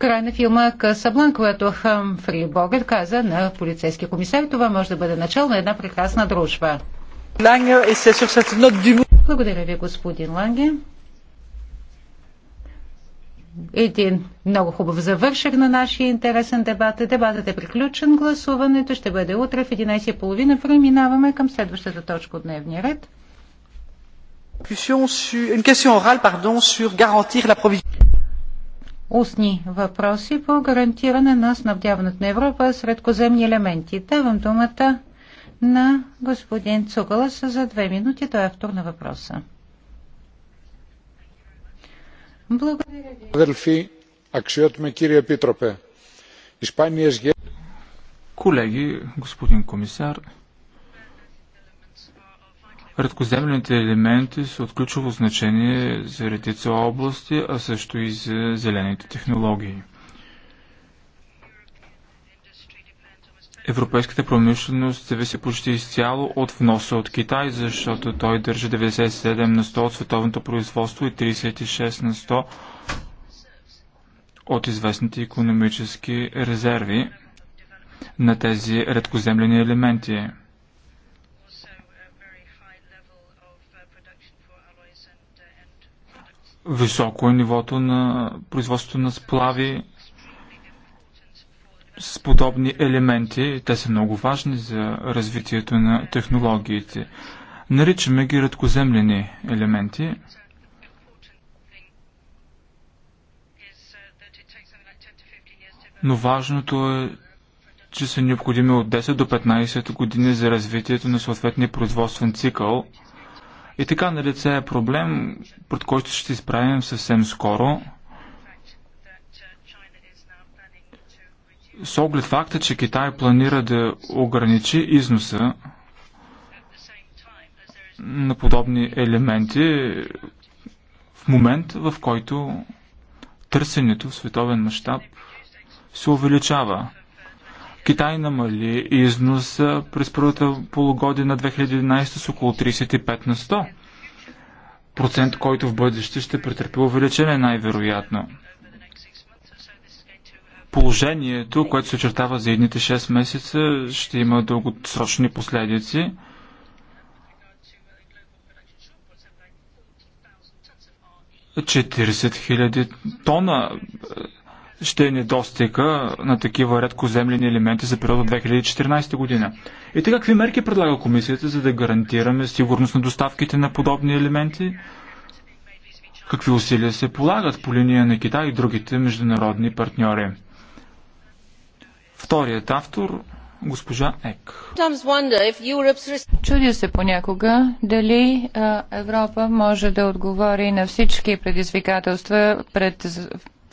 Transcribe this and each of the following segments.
края на филма Касаблан, която Хамфри Богът каза на полицейски комисар. Това може да бъде начало на една прекрасна дружба. Благодаря ви, господин Ланге. Един много хубав завършък на нашия интересен дебат. Дебатът е приключен. Гласуването ще бъде утре в 11.30. Преминаваме към следващата точка от дневния ред. Une question orale, pardon, sur garantir la provision устни въпроси по гарантиране на снабдяването на Европа с редкоземни елементи. Давам думата на господин Цукала за две минути. Той е автор на въпроса. Благодаря ви. Е Колеги, господин комисар, Редкоземлените елементи са от ключово значение за редица области, а също и за зелените технологии. Европейската промишленост зависи почти изцяло от вноса от Китай, защото той държи 97 на 100 от световното производство и 36 на 100 от известните економически резерви на тези редкоземлени елементи. Високо е нивото на производството на сплави с подобни елементи. Те са много важни за развитието на технологиите. Наричаме ги редкоземлени елементи. Но важното е, че са необходими от 10 до 15 години за развитието на съответния производствен цикъл – и така на лице е проблем, пред който ще изправим съвсем скоро. С оглед факта, че Китай планира да ограничи износа на подобни елементи в момент, в който търсенето в световен мащаб се увеличава. Китай намали износа през първата полугодие на 2011 с около 35 на 100. Процент, който в бъдеще ще претърпи увеличение най-вероятно. Положението, което се очертава за едните 6 месеца, ще има дългосрочни последици. Четиридесет хиляди тона ще е недостига на такива редкоземлени елементи за периода 2014 година. И така, какви мерки предлага комисията, за да гарантираме сигурност на доставките на подобни елементи? Какви усилия се полагат по линия на Китай и другите международни партньори? Вторият автор госпожа Ек. Чудя се понякога дали Европа може да отговори на всички предизвикателства пред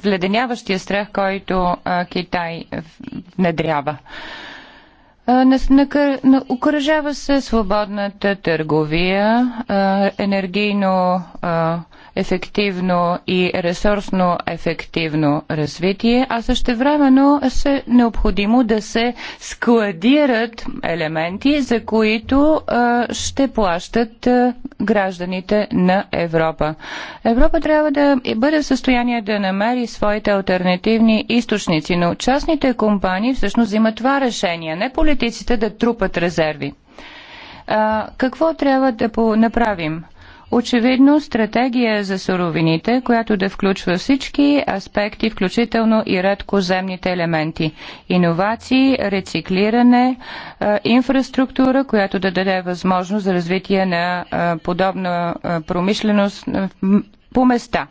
вледеняващия страх, който а, Китай внедрява. Укоръжава се свободната търговия, енергийно ефективно и ресурсно ефективно развитие, а времено е необходимо да се складират елементи, за които ще плащат гражданите на Европа. Европа трябва да бъде в състояние да намери своите альтернативни източници, но частните компании всъщност взимат това решение, не политиката политиците да трупат резерви. А, какво трябва да направим? Очевидно, стратегия за суровините, която да включва всички аспекти, включително и редкоземните елементи. Иновации, рециклиране, инфраструктура, която да даде възможност за развитие на подобна промишленост по места.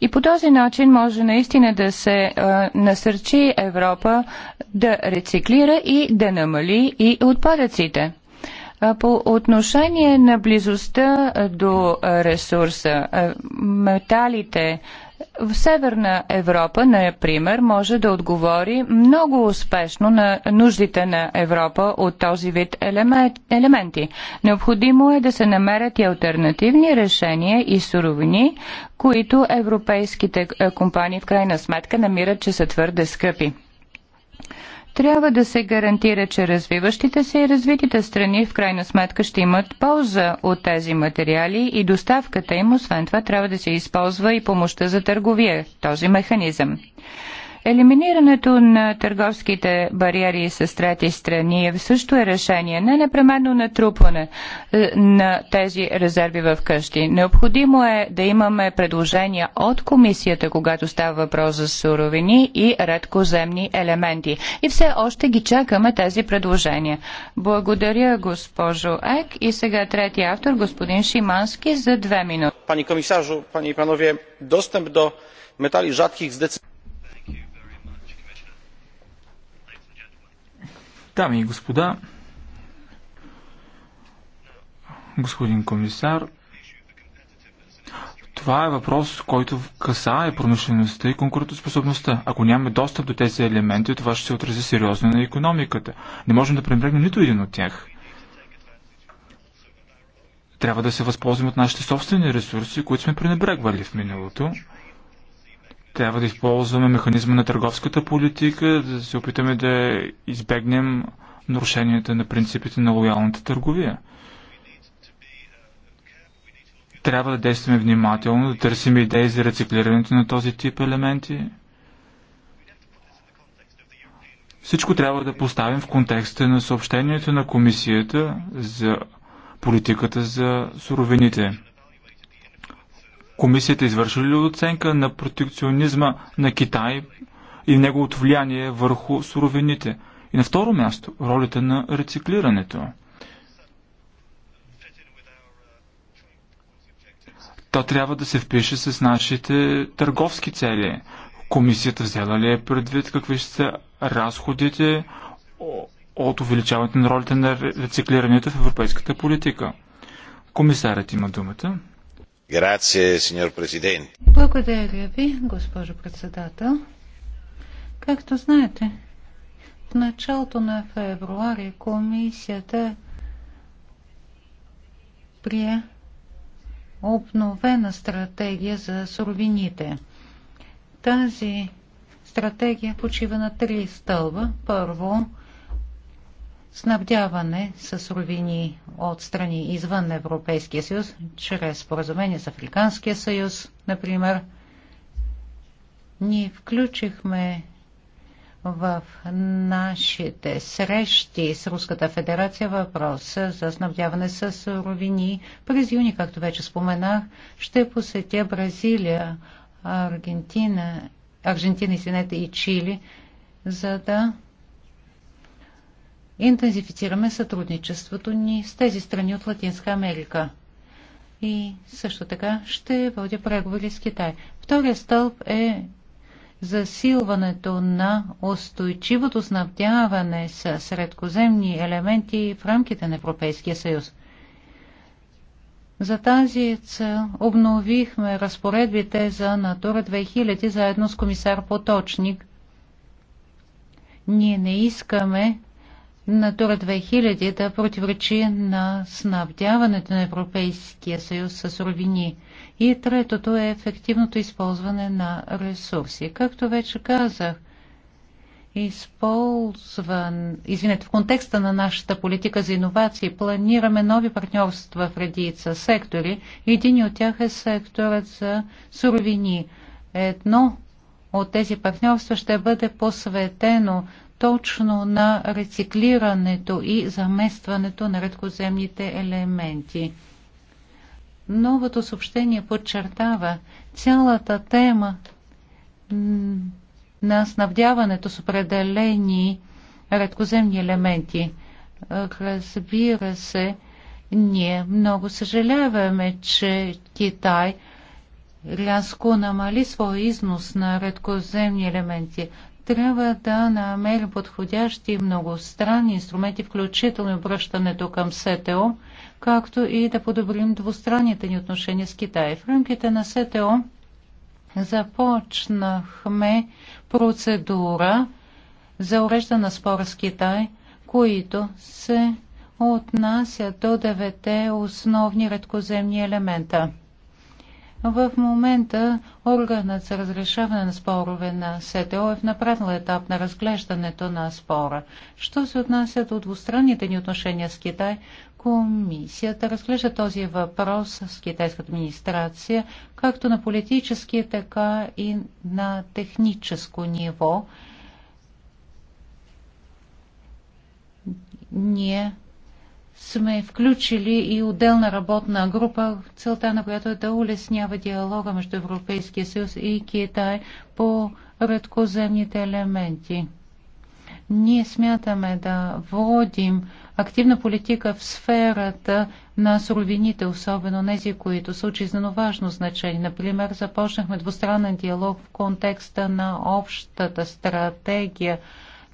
И по този начин може наистина да се а, е, насърчи Европа да рециклира и да намали и отпадъците. Е, по отношение на близостта до ресурса, е, металите, в Северна Европа, например, може да отговори много успешно на нуждите на Европа от този вид елементи. Необходимо е да се намерят и альтернативни решения и суровини, които европейските компании в крайна сметка намират, че са твърде скъпи. Трябва да се гарантира, че развиващите се и развитите страни в крайна сметка ще имат полза от тези материали и доставката им, освен това, трябва да се използва и помощта за търговия, този механизъм. Елиминирането на търговските бариери с трети страни е също е решение, не непременно натрупване е, на тези резерви в къщи. Необходимо е да имаме предложения от комисията, когато става въпрос за суровини и редкоземни елементи. И все още ги чакаме тези предложения. Благодаря, госпожо Ек. И сега третия автор, господин Шимански, за две минути. Пани комисажо, пани и панове, достъп до метали жадких зdecydowanie Дами и господа, господин комисар, това е въпрос, който е промишлеността и конкурентоспособността. Ако нямаме достъп до тези елементи, това ще се отрази сериозно на економиката. Не можем да пренебрегнем нито един от тях. Трябва да се възползваме от нашите собствени ресурси, които сме пренебрегвали в миналото. Трябва да използваме механизма на търговската политика, да се опитаме да избегнем нарушенията на принципите на лоялната търговия. Трябва да действаме внимателно, да търсим идеи за рециклирането на този тип елементи. Всичко трябва да поставим в контекста на съобщението на комисията за политиката за суровините. Комисията извърши ли оценка на протекционизма на Китай и неговото влияние върху суровините? И на второ място, ролята на рециклирането. То трябва да се впише с нашите търговски цели. Комисията взела ли е предвид какви ще са разходите от увеличаването на ролите на рециклирането в европейската политика? Комисарят има думата. Благодаря ви, госпожо председател. Както знаете, в началото на февруари комисията прие обновена стратегия за суровините. Тази стратегия почива на три стълба. Първо, снабдяване с суровини от страни извън Европейския съюз, чрез споразумение с Африканския съюз, например, ние включихме в нашите срещи с Руската федерация въпроса за снабдяване с суровини. През юни, както вече споменах, ще посетя Бразилия, Аргентина, и извинете, и Чили, за да интензифицираме сътрудничеството ни с тези страни от Латинска Америка. И също така ще водя преговори с Китай. Втория стълб е засилването на устойчивото снабдяване с средкоземни елементи в рамките на Европейския съюз. За тази цел обновихме разпоредбите за Натура 2000 заедно с комисар Поточник. Ние не искаме Натура 2000 да противоречи на снабдяването на Европейския съюз с суровини. И третото е ефективното използване на ресурси. Както вече казах, използван, извинете, в контекста на нашата политика за иновации планираме нови партньорства в редица сектори. Един от тях е секторът за суровини. Едно от тези партньорства ще бъде посветено точно на рециклирането и заместването на редкоземните елементи. Новото съобщение подчертава цялата тема на снабдяването с определени редкоземни елементи. Разбира се, ние много съжаляваме, че Китай рязко намали своя износ на редкоземни елементи трябва да намерим подходящи многостранни инструменти, включително обръщането към СТО, както и да подобрим двустранните ни отношения с Китай. В рамките на СТО започнахме процедура за уреждане на спора с Китай, които се отнасят до девете основни редкоземни елемента – в момента органът за разрешаване на спорове на СТО е в направил етап на разглеждането на спора. Що се отнася до двустранните ни отношения с Китай, комисията разглежда този въпрос с китайската администрация както на политически, така и на техническо ниво. Ние сме включили и отделна работна група, целта на която е да улеснява диалога между Европейския съюз и Китай по редкоземните елементи. Ние смятаме да водим активна политика в сферата на суровините, особено тези, които са от важно значение. Например, започнахме двустранен диалог в контекста на общата стратегия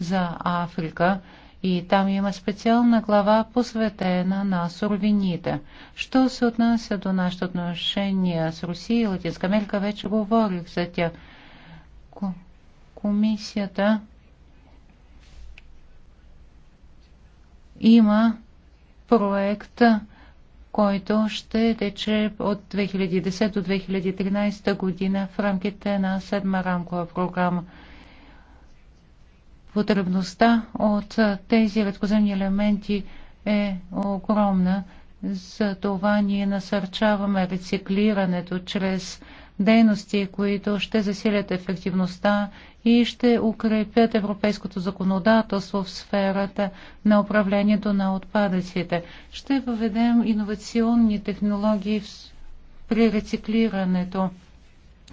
за Африка – и там има специална глава, посветена на суровините. Що се отнася до нашите отношения с Русия и Латинска Америка, вече говорих за тях. Комисията има проект, който ще тече от 2010 до 2013 година в рамките на седма рамкова програма потребността от тези редкоземни елементи е огромна. За това ние насърчаваме рециклирането чрез дейности, които ще засилят ефективността и ще укрепят европейското законодателство в сферата на управлението на отпадъците. Ще въведем иновационни технологии при рециклирането.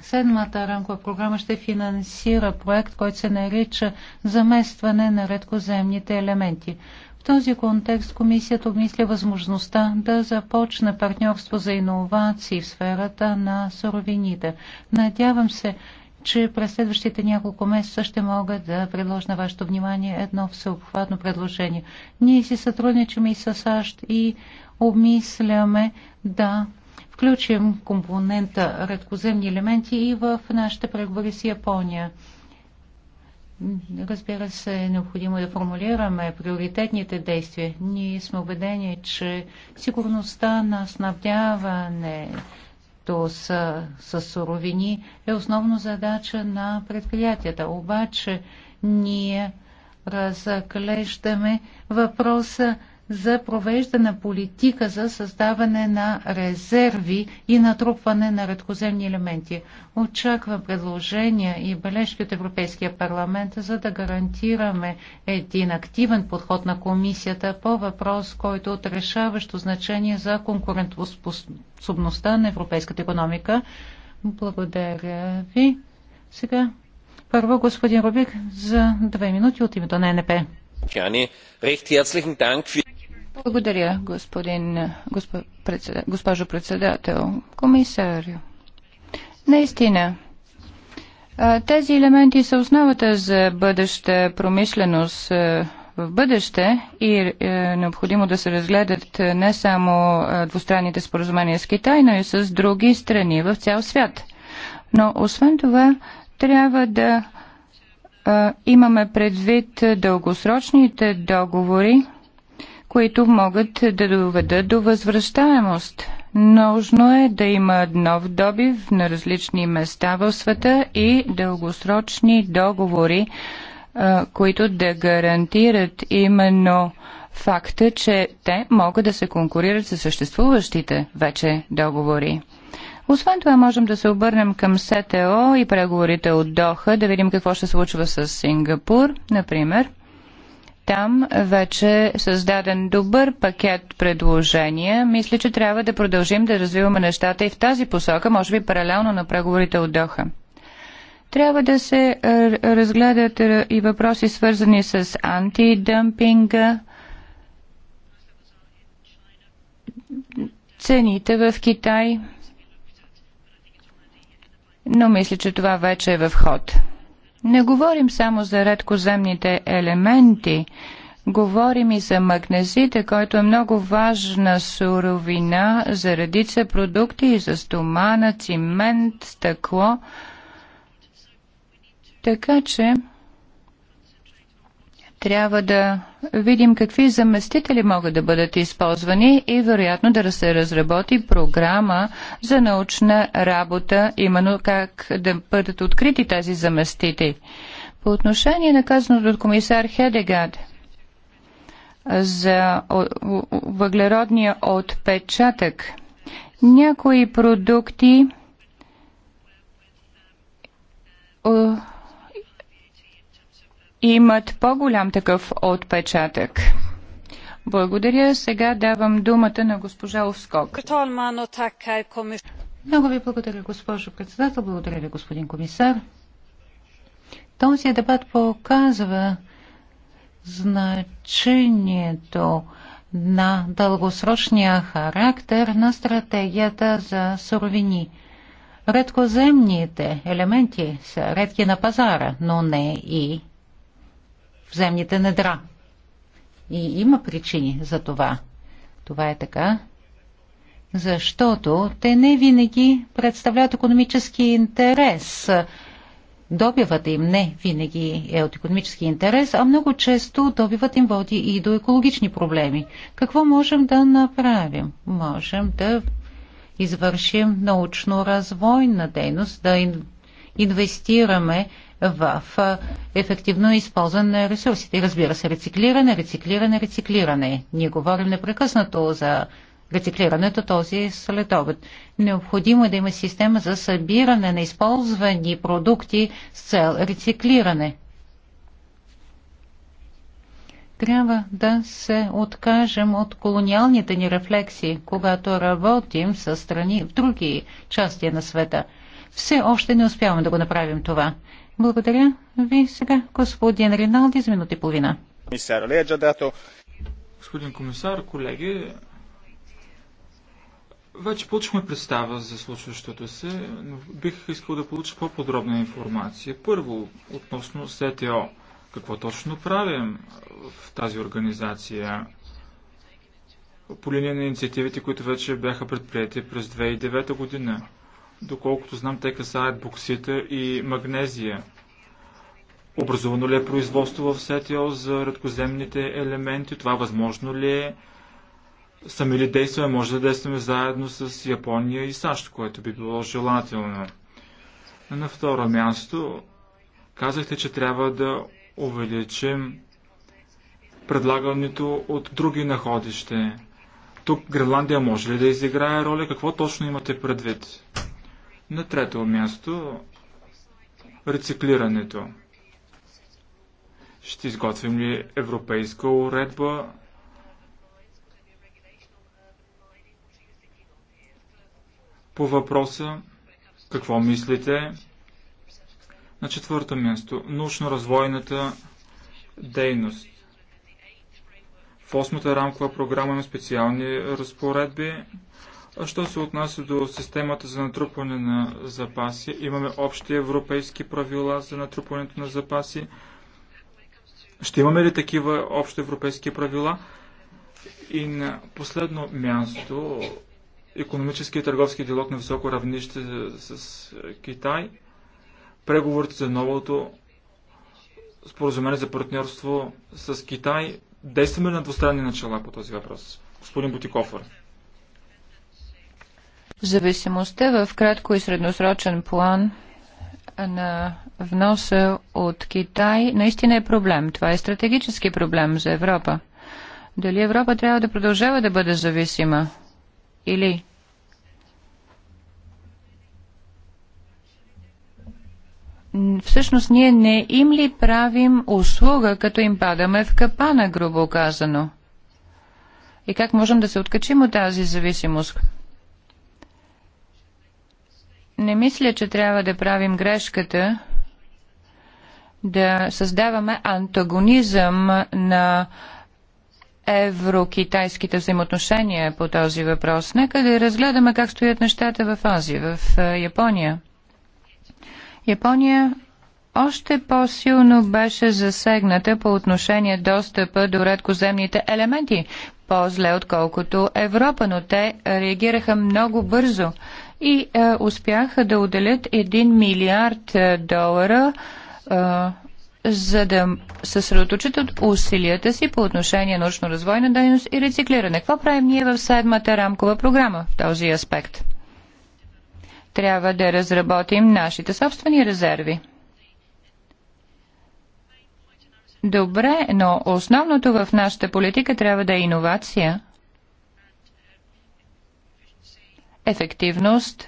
Седмата рамкова програма ще финансира проект, който се нарича Заместване на редкоземните елементи. В този контекст комисията обмисля възможността да започне партньорство за иновации в сферата на суровините. Надявам се, че през следващите няколко месеца ще мога да предложа на вашето внимание едно всеобхватно предложение. Ние си сътрудничаме и с САЩ и обмисляме да включим компонента редкоземни елементи и в нашите преговори с Япония. Разбира се, е необходимо да формулираме приоритетните действия. Ние сме убедени, че сигурността на снабдяването с, с суровини е основна задача на предприятията. Обаче ние разглеждаме въпроса за провеждана политика за създаване на резерви и натрупване на редкоземни елементи. Очаква предложения и бележки от Европейския парламент, за да гарантираме един активен подход на комисията по въпрос, който е от решаващо значение за конкурентоспособността на европейската економика. Благодаря ви. Сега първо господин Рубик за две минути от името на НП. Благодаря, господин, председател, госпожо председател, комисарио. Наистина, тези елементи са основата за бъдеща промишленост в бъдеще и е необходимо да се разгледат не само двустранните споразумения с Китай, но и с други страни в цял свят. Но освен това, трябва да е, имаме предвид дългосрочните договори, които могат да доведат до възвръщаемост. Нужно е да има нов добив на различни места в света и дългосрочни договори, които да гарантират именно факта, че те могат да се конкурират с съществуващите вече договори. Освен това, можем да се обърнем към СТО и преговорите от Доха, да видим какво ще случва с Сингапур, например там вече е създаден добър пакет предложения. Мисля, че трябва да продължим да развиваме нещата и в тази посока, може би паралелно на преговорите от Доха. Трябва да се е, разгледат е, и въпроси свързани с антидъмпинга, цените в Китай, но мисля, че това вече е в ход. Не говорим само за редкоземните елементи, говорим и за магнезите, който е много важна суровина за редица продукти и за стомана, цимент, стъкло. Така че трябва да видим какви заместители могат да бъдат използвани и вероятно да се разработи програма за научна работа, именно как да бъдат открити тези заместители. По отношение на казаното от комисар Хедегад за въглеродния отпечатък, някои продукти имат по-голям такъв отпечатък. Благодаря. Сега давам думата на госпожа Овскок. Много ви благодаря, госпожо председател. Благодаря ви, господин комисар. Този дебат показва значението на дългосрочния характер на стратегията за суровини. Редкоземните елементи са редки на пазара, но не и в земните недра. И има причини за това. Това е така, защото те не винаги представляват економически интерес. Добивът им не винаги е от економически интерес, а много често добивът им води и до екологични проблеми. Какво можем да направим? Можем да извършим научно-развойна дейност, да инвестираме в ефективно използване на ресурсите. И разбира се, рециклиране, рециклиране, рециклиране. Ние говорим непрекъснато за рециклирането този следобед. Необходимо е да има система за събиране на използвани продукти с цел рециклиране. Трябва да се откажем от колониалните ни рефлекси, когато работим с страни в други части на света. Все още не успяваме да го направим това. Благодаря ви сега, господин Риналди, за минути и половина. Господин комисар, колеги, вече получихме представа за случващото се, но бих искал да получа по-подробна информация. Първо, относно СТО. Какво точно правим в тази организация? По линия на инициативите, които вече бяха предприяти през 2009 година. Доколкото знам, те касаят боксита и магнезия. Образувано ли е производство в СТО за редкоземните елементи? Това възможно ли е? Сами ли действаме? Може да действаме заедно с Япония и САЩ, което би било желателно. На второ място, казахте, че трябва да увеличим предлагането от други находище. Тук Гренландия може ли да изиграе роля? Какво точно имате предвид? На трето място рециклирането. Ще изготвим ли европейска уредба по въпроса какво мислите? На четвърто място научно-развойната дейност. В осмата рамкова програма има специални разпоредби а що се отнася до системата за натрупване на запаси, имаме общи европейски правила за натрупването на запаси. Ще имаме ли такива общи европейски правила? И на последно място, економически и търговски диалог на високо равнище с Китай, преговорите за новото споразумение за партньорство с Китай. Действаме на двустранни начала по този въпрос? Господин Бутикофър. Зависимостта в кратко и средносрочен план на вноса от Китай наистина е проблем. Това е стратегически проблем за Европа. Дали Европа трябва да продължава да бъде зависима? Или всъщност ние не им ли правим услуга, като им падаме в капана, грубо казано? И как можем да се откачим от тази зависимост? не мисля, че трябва да правим грешката да създаваме антагонизъм на евро-китайските взаимоотношения по този въпрос. Нека да разгледаме как стоят нещата в Азия, в е, Япония. Япония още по-силно беше засегната по отношение достъпа до редкоземните елементи, по-зле отколкото Европа, но те реагираха много бързо и а, е, успяха да отделят 1 милиард е, долара а, е, за да съсредоточат усилията си по отношение на научно-развойна дейност и рециклиране. Какво правим ние в седмата рамкова програма в този аспект? Трябва да разработим нашите собствени резерви. Добре, но основното в нашата политика трябва да е иновация – ефективност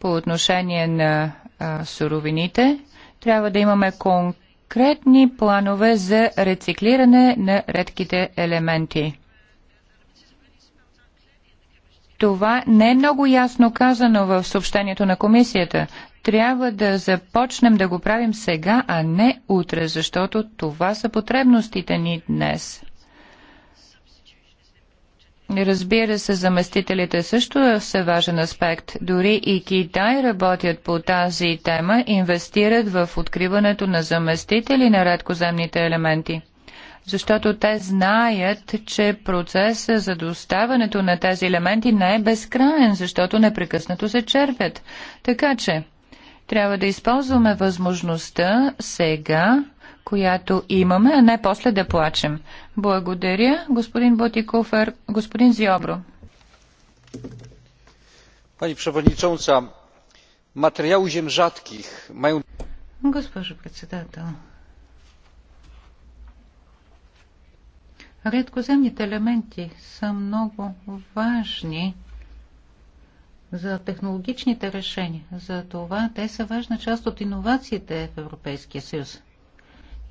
по отношение на суровините. Трябва да имаме конкретни планове за рециклиране на редките елементи. Това не е много ясно казано в съобщението на комисията. Трябва да започнем да го правим сега, а не утре, защото това са потребностите ни днес. Разбира се, заместителите също е са важен аспект. Дори и Китай работят по тази тема, инвестират в откриването на заместители на редкоземните елементи. Защото те знаят, че процесът за доставането на тези елементи не е безкраен, защото непрекъснато се черпят. Така че, трябва да използваме възможността сега която имаме, а не после да плачем. Благодаря, господин Ботикофер, господин Зиобро. Пани przewodnicząca, materiały зем жадких mają. Госпожо председател, редкоземните елементи са много важни за технологичните решения. За това те са важна част от иновациите в Европейския съюз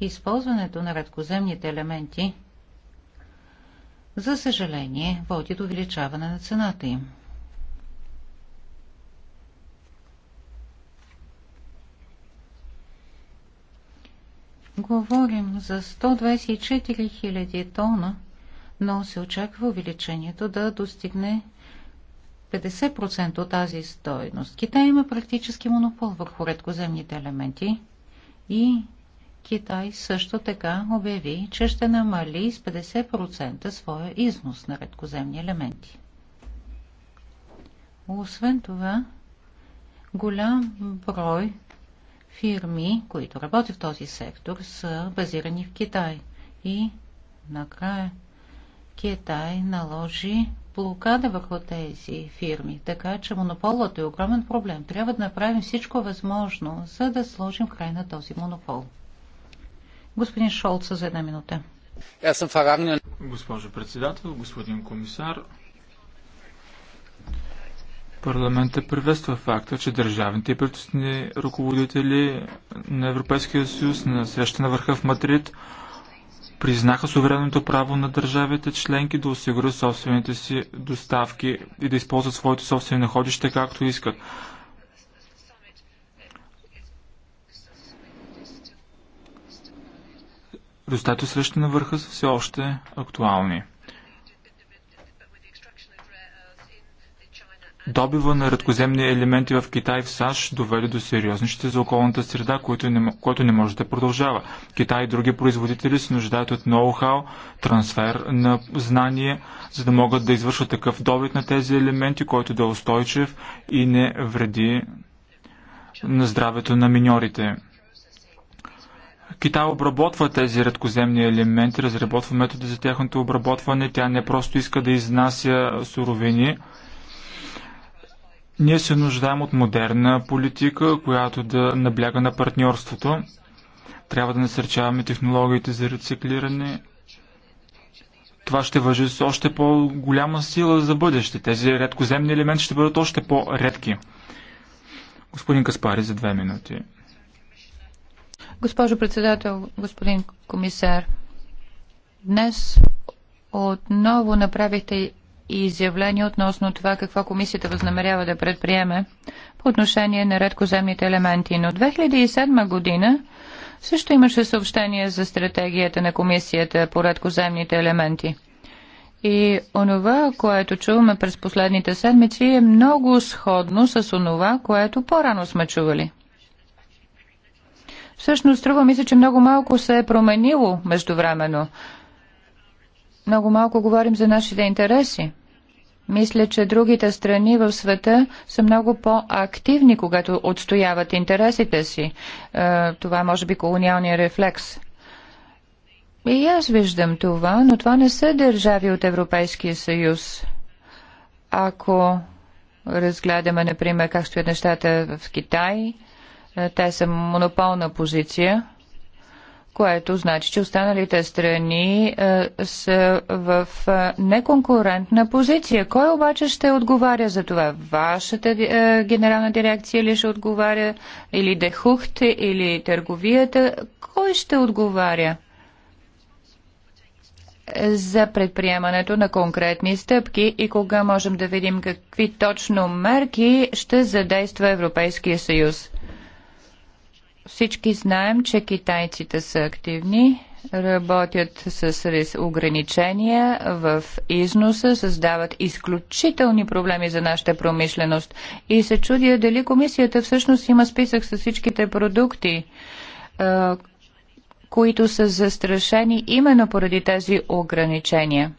използването на редкоземните елементи, за съжаление, води до увеличаване на цената им. Говорим за 124 000 тона, но се очаква увеличението да достигне 50% от тази стоеност. Китай има практически монопол върху редкоземните елементи и Китай също така обяви, че ще намали с 50% своя износ на редкоземни елементи. Освен това, голям брой фирми, които работят в този сектор, са базирани в Китай. И накрая Китай наложи блокада върху тези фирми, така че монополът е огромен проблем. Трябва да направим всичко възможно, за да сложим край на този монопол. Господин Шолц за една минута. Госпожо председател, господин комисар, Парламентът приветства факта, че държавните и предстоятни ръководители на Европейския съюз на среща на върха в Мадрид признаха суверенното право на държавите членки да осигурят собствените си доставки и да използват своите собствени находища както искат. Резултатите от на върха са все още актуални. Добива на редкоземни елементи в Китай и в САЩ доведе до сериозни щети за околната среда, което не, което не може да продължава. Китай и други производители се нуждаят от ноу-хау, трансфер на знание, за да могат да извършват такъв добит на тези елементи, който да е устойчив и не вреди на здравето на миньорите. Китай обработва тези редкоземни елементи, разработва методи за тяхното обработване. Тя не просто иска да изнася суровини. Ние се нуждаем от модерна политика, която да набляга на партньорството. Трябва да насърчаваме технологиите за рециклиране. Това ще въжи с още по-голяма сила за бъдеще. Тези редкоземни елементи ще бъдат още по-редки. Господин Каспари за две минути. Госпожо председател, господин комисар, днес отново направихте изявление относно това какво комисията възнамерява да предприеме по отношение на редкоземните елементи. Но 2007 година също имаше съобщение за стратегията на комисията по редкоземните елементи. И онова, което чуваме през последните седмици е много сходно с онова, което по-рано сме чували – Всъщност, струва ми се, че много малко се е променило междувременно. Много малко говорим за нашите интереси. Мисля, че другите страни в света са много по-активни, когато отстояват интересите си. Е, това може би колониалния рефлекс. И аз виждам това, но това не са държави от Европейския съюз. Ако разгледаме, например, как стоят нещата в Китай, е, те са монополна позиция, което значи, че останалите страни е, са в е, неконкурентна позиция. Кой обаче ще отговаря за това? Вашата е, генерална дирекция ли ще отговаря? Или Дехухте, или търговията? Кой ще отговаря? за предприемането на конкретни стъпки и кога можем да видим какви точно мерки ще задейства Европейския съюз. Всички знаем, че китайците са активни, работят с ограничения в износа, създават изключителни проблеми за нашата промишленост. И се чудя дали комисията всъщност има списък с всичките продукти, които са застрашени именно поради тези ограничения.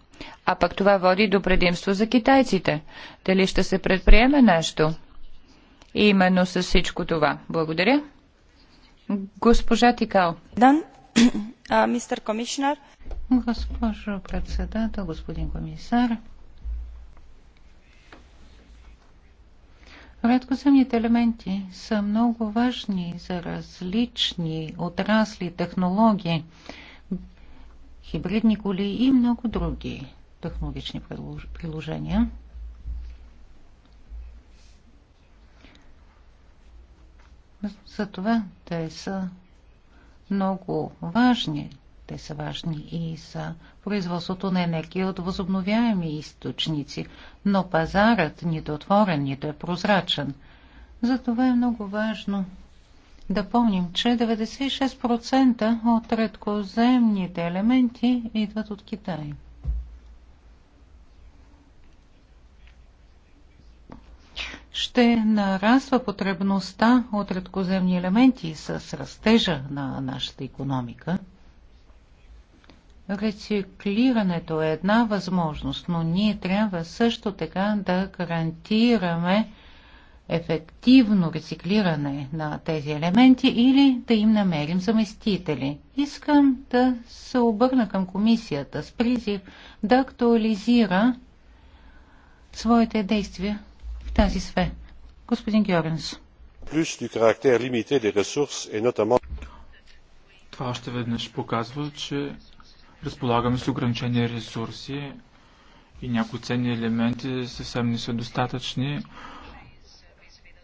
А пък това води до предимство за китайците. Дали ще се предприеме нещо? Именно с всичко това. Благодаря. Госпожа Тикал. мистер Госпожо председател, господин комисар. Редкоземните елементи са много важни за различни отрасли, технологии, хибридни коли и много други технологични приложения. Затова те са много важни. Те са важни и за производството на енергия от възобновяеми източници, но пазарът нито е отворен, нито е прозрачен. Затова е много важно да помним, че 96% от редкоземните елементи идват от Китай. ще нараства потребността от редкоземни елементи с растежа на нашата економика. Рециклирането е една възможност, но ние трябва също така да гарантираме ефективно рециклиране на тези елементи или да им намерим заместители. Искам да се обърна към комисията с призив да актуализира своите действия Господин Георгенс. Това още веднъж показва, че разполагаме с ограничени ресурси и някои ценни елементи съвсем не са достатъчни.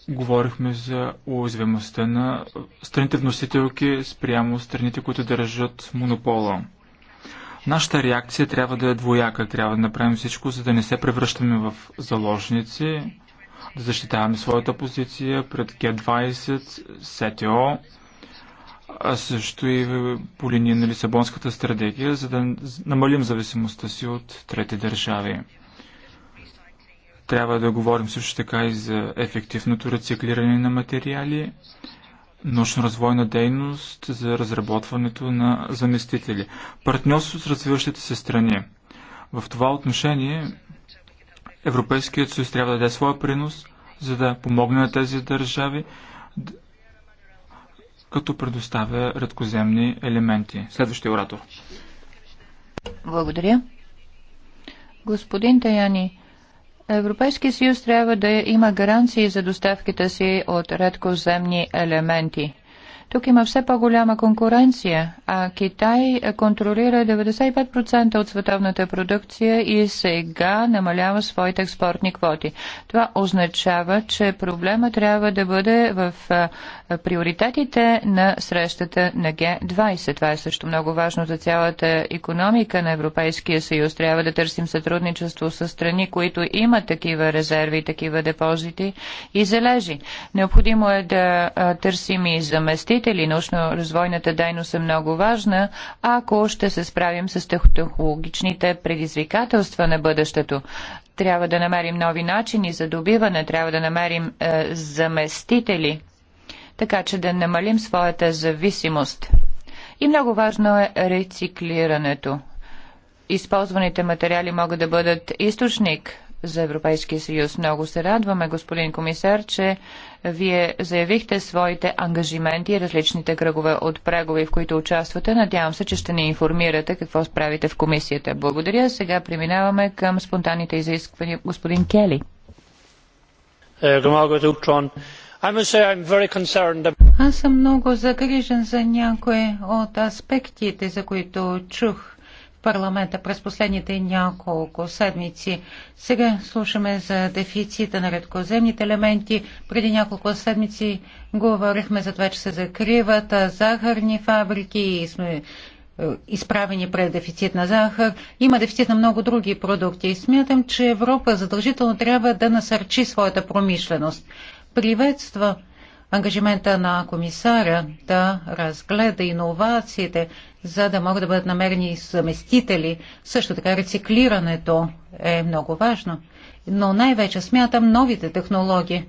Говорихме за уязвимостта на страните вносителки спрямо страните, които държат монопола. Нашата реакция трябва да е двояка. Трябва да направим всичко, за да не се превръщаме в заложници да защитаваме своята позиция пред Г20, СТО, а също и по линия на Лисабонската стратегия, за да намалим зависимостта си от трети държави. Трябва да говорим също така и за ефективното рециклиране на материали, научно-развойна дейност за разработването на заместители, партньорство с развиващите се страни. В това отношение Европейският съюз трябва да даде своя принос, за да помогне на тези държави, като предоставя редкоземни елементи. Следващия оратор. Благодаря. Господин Таяни, Европейския съюз трябва да има гаранции за доставките си от редкоземни елементи. Тук има все по-голяма конкуренция, а Китай контролира 95% от световната продукция и сега намалява своите експортни квоти. Това означава, че проблема трябва да бъде в приоритетите на срещата на Г20. Това е също много важно за цялата економика на Европейския съюз. Трябва да търсим сътрудничество с страни, които имат такива резерви, такива депозити и залежи. Необходимо е да търсим и заместители изследователи. Научно-развойната дейност е много важна, ако ще се справим с технологичните предизвикателства на бъдещето. Трябва да намерим нови начини за добиване, трябва да намерим е, заместители, така че да намалим своята зависимост. И много важно е рециклирането. Използваните материали могат да бъдат източник за Европейския съюз. Много се радваме, господин комисар, че вие заявихте своите ангажименти и различните кръгове от прегови, в които участвате. Надявам се, че ще ни информирате какво справите в комисията. Благодаря. Сега преминаваме към спонтанните изисквания. Господин Кели. Е, Аз съм много загрижен за някои от аспектите, за които чух парламента през последните няколко седмици. Сега слушаме за дефицита на редкоземните елементи. Преди няколко седмици говорихме за това, че се закриват захарни фабрики и сме е, изправени пред дефицит на захар. Има дефицит на много други продукти. И смятам, че Европа задължително трябва да насърчи своята промишленост. Приветства ангажимента на комисара да разгледа иновациите, за да могат да бъдат намерени заместители. Също така рециклирането е много важно. Но най-вече смятам новите технологии.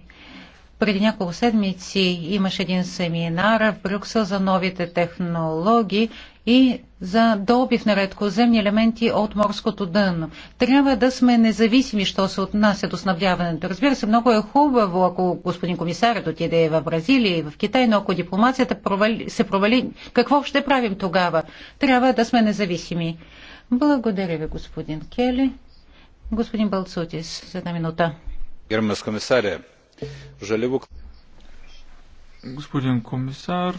Преди няколко седмици имаше един семинар в Брюксел за новите технологии и за добив на редкоземни елементи от морското дъно. Трябва да сме независими, що се отнася до снабдяването. Разбира се, много е хубаво, ако господин комисарът отиде в Бразилия и в Китай, но ако дипломацията провали, се провали, какво ще правим тогава? Трябва да сме независими. Благодаря ви, господин Кели. Господин Балцутис, за една минута. Германс комисаря, жалево... Господин комисар,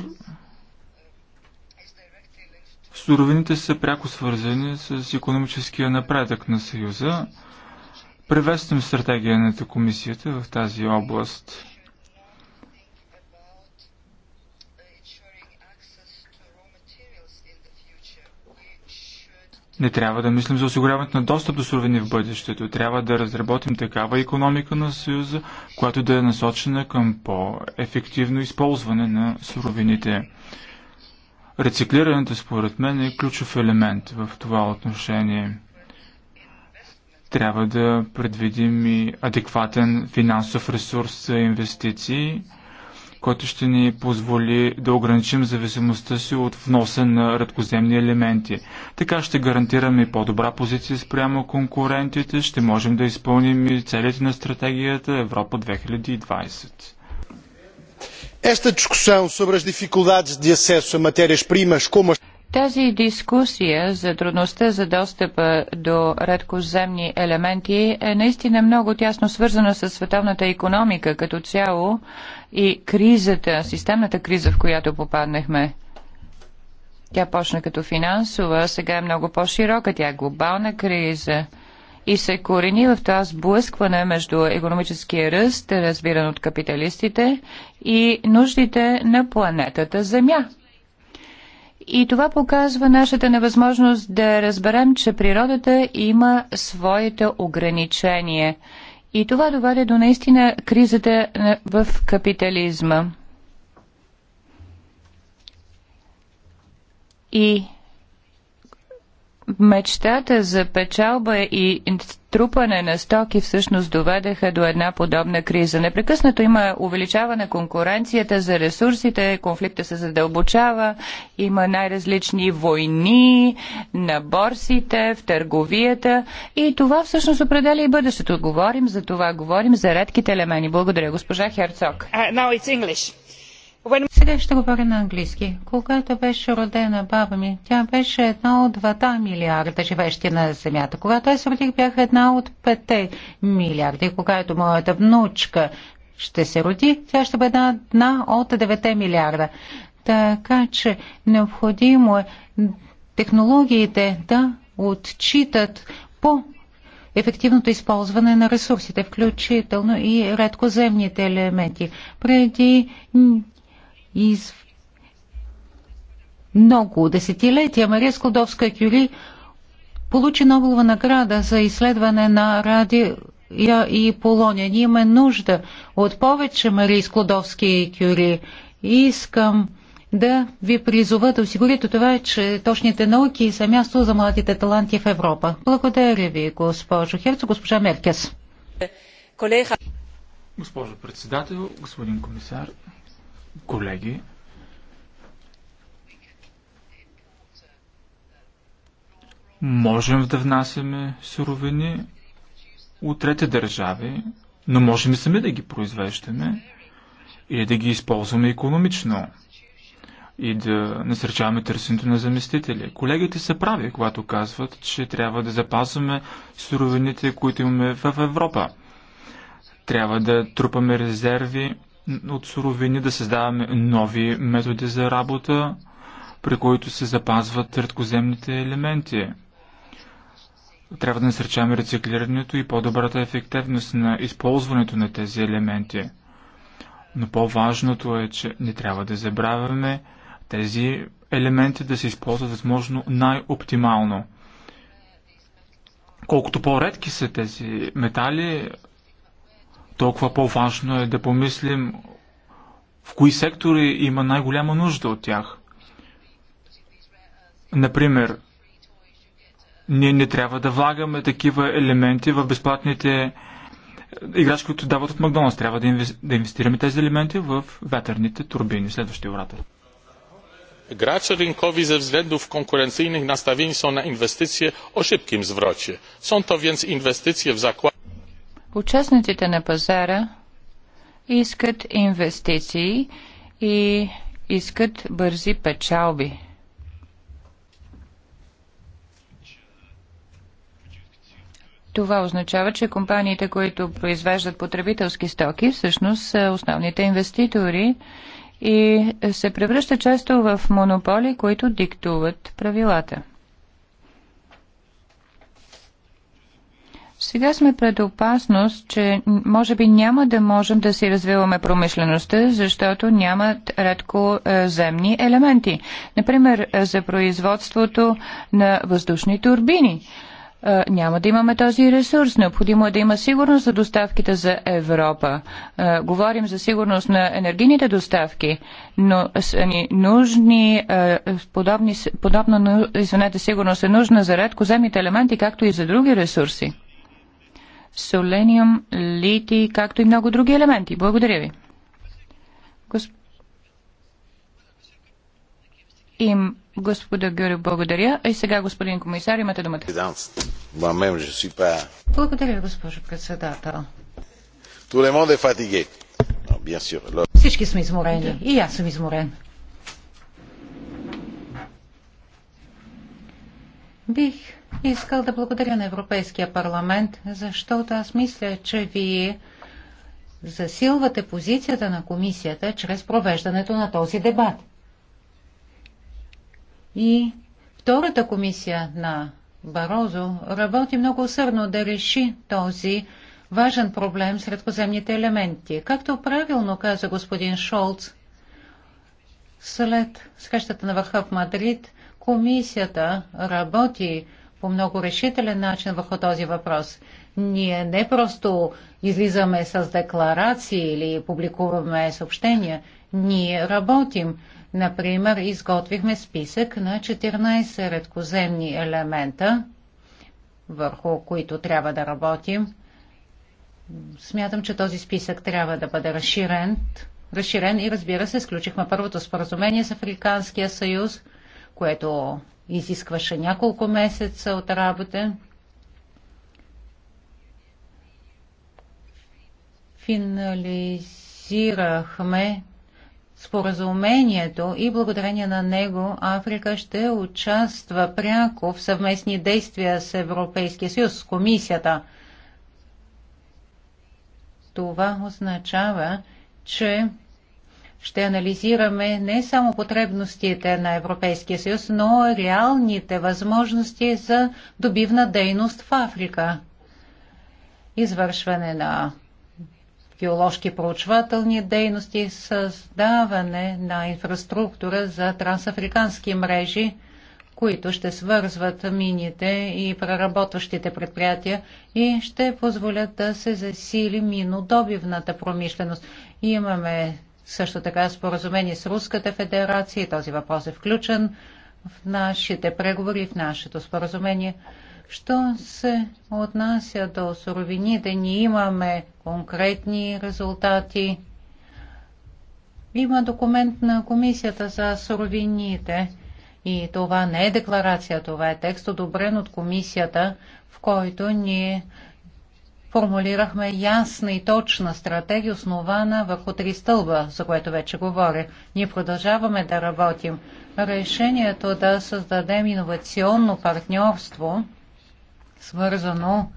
Суровините са пряко свързани с економическия напредък на Съюза. Приветствам стратегията на комисията в тази област. Не трябва да мислим за осигуряването на достъп до суровини в бъдещето. Трябва да разработим такава економика на Съюза, която да е насочена към по-ефективно използване на суровините. Рециклирането според мен е ключов елемент в това отношение. Трябва да предвидим и адекватен финансов ресурс за инвестиции, който ще ни позволи да ограничим зависимостта си от вноса на редкоземни елементи. Така ще гарантираме по-добра позиция спрямо конкурентите, ще можем да изпълним и целите на стратегията Европа 2020. Esta discussão sobre as dificuldades de acesso a matérias primas como as тази дискусия за трудността за достъпа до редкоземни елементи е наистина много тясно свързана с световната економика като цяло и кризата, системната криза, в която попаднахме. Тя почна като финансова, сега е много по-широка, тя е глобална криза – и се корени в това сблъскване между економическия ръст, разбиран от капиталистите, и нуждите на планетата Земя. И това показва нашата невъзможност да разберем, че природата има своите ограничения. И това доведе до наистина кризата в капитализма. И мечтата за печалба и трупане на стоки всъщност доведеха до една подобна криза. Непрекъснато има увеличаване конкуренцията за ресурсите, конфликта се задълбочава, има най-различни войни на борсите, в търговията и това всъщност определя и бъдещето. Говорим за това, говорим за редките елемени. Благодаря, госпожа Херцог. Uh, сега ще говоря на английски. Когато беше родена баба ми, тя беше една от двата милиарда живещи на Земята. Когато аз родих, бях една от пете милиарди. Когато моята внучка ще се роди, тя ще бъде една от 9 милиарда. Така че необходимо е технологиите да отчитат по ефективното използване на ресурсите, включително и редкоземните елементи. Преди из много десетилетия Мария Складовска Кюри получи Нобелова награда за изследване на радио и полония. Ние имаме нужда от повече Марии Складовски и Кюри. Искам да ви призова да осигурите това, че точните науки са място за младите таланти в Европа. Благодаря ви, госпожо Херцо, госпожа Меркес. Госпожо председател, господин комисар, Колеги, можем да внасяме суровини от трети държави, но можем и сами да ги произвеждаме или да ги използваме економично и да насърчаваме търсенето на заместители. Колегите са прави, когато казват, че трябва да запазваме суровините, които имаме в Европа. Трябва да трупаме резерви от суровини, да създаваме нови методи за работа, при които се запазват редкоземните елементи. Трябва да насречаваме рециклирането и по-добрата ефективност на използването на тези елементи. Но по-важното е, че не трябва да забравяме тези елементи да се използват възможно най-оптимално. Колкото по-редки са тези метали, толкова по-важно е да помислим в кои сектори има най-голяма нужда от тях. Например, ние не трябва да влагаме такива елементи в безплатните е, играчки, които дават от Макдоналдс. Трябва да, инвестираме тези елементи в вятърните турбини. Следващия оратор. Gracze rynkowi ze względów konkurencyjnych nastawieni są na inwestycje o szybkim zwrocie. Są to więc inwestycje w zakład. Участниците на пазара искат инвестиции и искат бързи печалби. Това означава, че компаниите, които произвеждат потребителски стоки, всъщност са основните инвеститори и се превръща често в монополи, които диктуват правилата. Сега сме пред опасност, че може би няма да можем да си развиваме промишлеността, защото нямат редко е, земни елементи. Например, е, за производството на въздушни турбини е, няма да имаме този ресурс. Необходимо е да има сигурност за доставките за Европа. Говорим за сигурност на енергийните доставки, но са ни нужни подобни, подобна извинете, сигурност е нужна за редкоземните елементи, както и за други ресурси селениум, литий, както и много други елементи. Благодаря ви. Госп... Им Господа Гюре, благодаря. И сега, господин комисар, имате думата. Благодаря, госпожо председател. Всички сме изморени. И аз съм изморен. Бих искал да благодаря на Европейския парламент, защото аз мисля, че вие засилвате позицията на комисията чрез провеждането на този дебат. И втората комисия на Барозо работи много усърдно да реши този важен проблем сред поземните елементи. Както правилно каза господин Шолц, след срещата на върха в Мадрид, комисията работи по много решителен начин върху този въпрос. Ние не просто излизаме с декларации или публикуваме съобщения, ние работим. Например, изготвихме списък на 14 редкоземни елемента, върху които трябва да работим. Смятам, че този списък трябва да бъде разширен. Разширен и разбира се, сключихме първото споразумение с Африканския съюз, което изискваше няколко месеца от работа. Финализирахме споразумението и благодарение на него Африка ще участва пряко в съвместни действия с Европейския съюз, с комисията. Това означава, че ще анализираме не само потребностите на Европейския съюз, но и реалните възможности за добивна дейност в Африка. Извършване на геоложки проучвателни дейности, създаване на инфраструктура за трансафрикански мрежи, които ще свързват мините и преработващите предприятия и ще позволят да се засили минодобивната промишленост. Имаме също така споразумение с Руската федерация и този въпрос е включен в нашите преговори, в нашето споразумение. Що се отнася до суровините, ние имаме конкретни резултати. Има документ на комисията за суровините и това не е декларация, това е текст одобрен от комисията, в който ние формулирахме ясна и точна стратегия, основана върху три стълба, за което вече говоря. Ние продължаваме да работим. Решението да създадем иновационно партньорство, свързано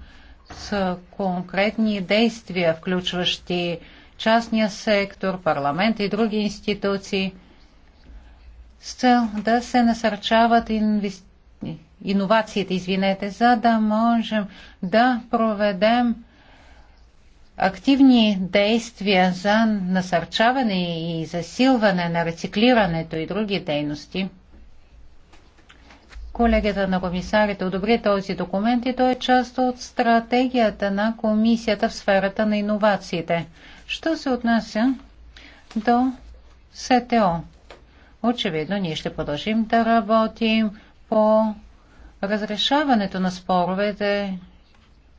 с конкретни действия, включващи частния сектор, парламент и други институции, с цел да се насърчават инвестиции иновациите, извинете, за да можем да проведем активни действия за насърчаване и засилване на рециклирането и други дейности. Колегията на комисарите одобри този документ и той е част от стратегията на комисията в сферата на иновациите. Що се отнася до СТО? Очевидно, ние ще продължим да работим по разрешаването на споровете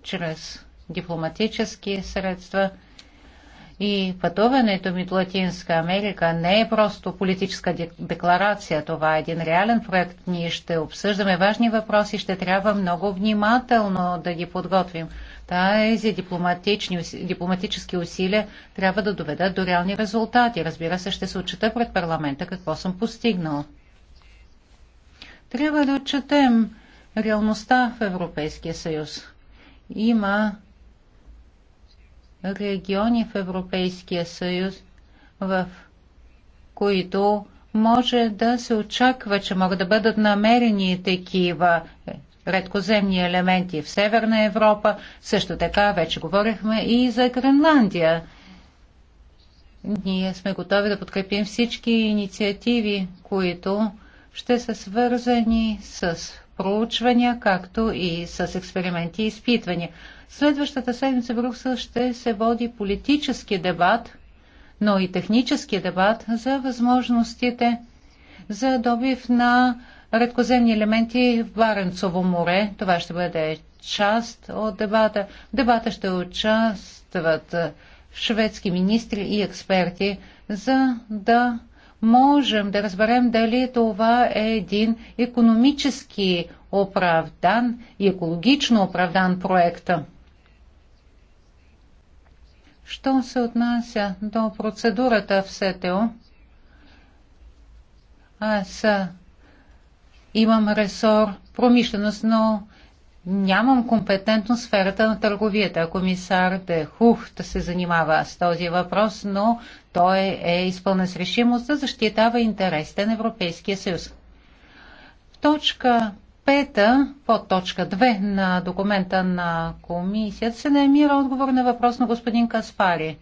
чрез дипломатически средства. И пътуването ми до Латинска Америка не е просто политическа декларация, това е един реален проект. Ние ще обсъждаме важни въпроси, ще трябва много внимателно да ги подготвим. Тези дипломатически усилия трябва да доведат до реални резултати. Разбира се, ще се отчета пред парламента какво съм постигнал. Трябва да отчетем реалността в Европейския съюз. Има региони в Европейския съюз, в които може да се очаква, че могат да бъдат намерени такива редкоземни елементи в Северна Европа. Също така вече говорихме и за Гренландия. Ние сме готови да подкрепим всички инициативи, които ще са свързани с проучвания, както и с експерименти и изпитвания. Следващата седмица в Брюксел ще се води политически дебат, но и технически дебат за възможностите за добив на редкоземни елементи в Баренцово море. Това ще бъде част от дебата. В дебата ще участват шведски министри и експерти, за да можем да разберем дали това е един економически оправдан и екологично оправдан проект. Що се отнася до процедурата в СТО, аз имам ресор промишленост, но нямам компетентно сферата на търговията. Комисар Де да се занимава с този въпрос, но той е изпълнен с решимост да защитава интересите на Европейския съюз. В точка 5, под точка 2 на документа на комисията се намира отговор на въпрос на господин Каспари.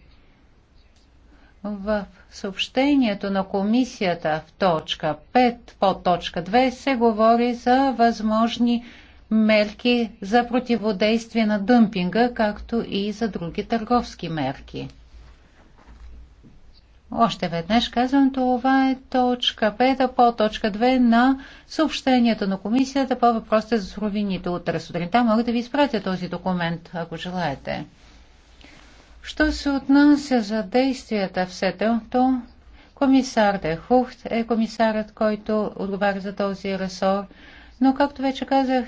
В съобщението на комисията в точка 5, под точка 2 се говори за възможни мерки за противодействие на дъмпинга, както и за други търговски мерки. Още веднъж казвам, това е точка 5 по точка 2 на съобщението на комисията по въпросите за суровините. Утре сутринта мога да ви изпратя този документ, ако желаете. Що се отнася за действията в сетелто, комисар комисар Хухт е комисарът, който отговаря за този ресор. Но, както вече казах,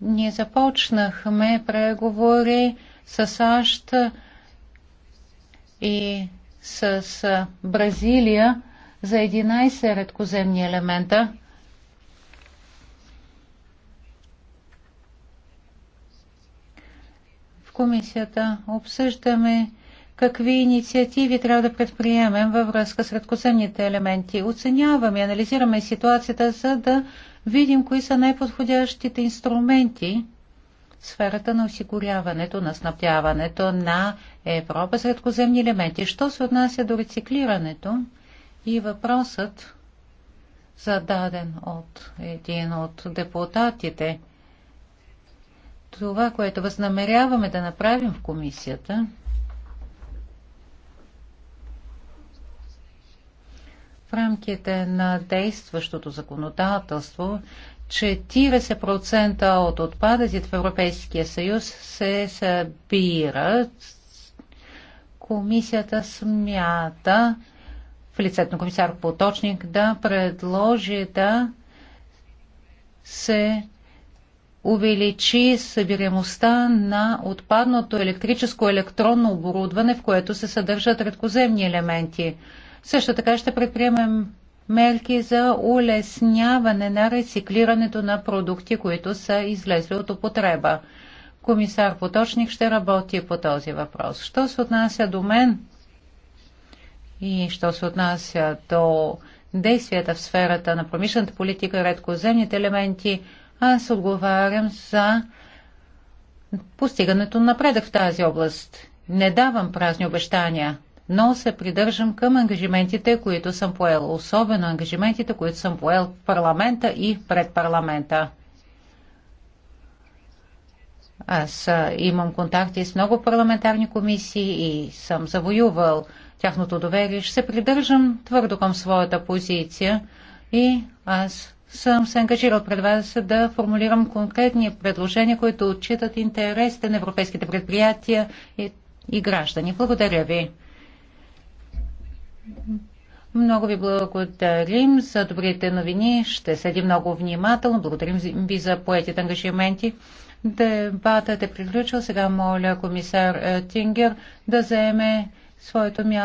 ние започнахме преговори с САЩ и с Бразилия за 11 редкоземни елемента. В комисията обсъждаме какви инициативи трябва да предприемем във връзка с редкоземните елементи. Оценяваме, анализираме ситуацията, за да видим кои са най-подходящите инструменти в сферата на осигуряването, на снабдяването на Европа с редкоземни елементи. Що се отнася до рециклирането и въпросът зададен от един от депутатите, това, което възнамеряваме да направим в комисията – в рамките на действащото законодателство 40% от отпадъците в Европейския съюз се събират. Комисията смята в лицето на комисар Поточник да предложи да се увеличи събираемостта на отпадното електрическо електронно оборудване, в което се съдържат редкоземни елементи. Също така ще предприемем мерки за улесняване на рециклирането на продукти, които са излезли от употреба. Комисар Поточник ще работи по този въпрос. Що се отнася до мен и що се отнася до действията в сферата на промишлената политика и редкоземните елементи, аз отговарям за постигането на напредък в тази област. Не давам празни обещания но се придържам към ангажиментите, които съм поел, особено ангажиментите, които съм поел в парламента и пред парламента. Аз имам контакти с много парламентарни комисии и съм завоювал тяхното доверие. Ще се придържам твърдо към своята позиция и аз съм се ангажирал пред вас да формулирам конкретни предложения, които отчитат интересите на европейските предприятия и, и граждани. Благодаря ви. Много ви благодарим за добрите новини. Ще седи много внимателно. Благодарим ви за поетите ангажименти. Дебатът е приключил. Сега моля комисар е, Тингер да заеме своето място.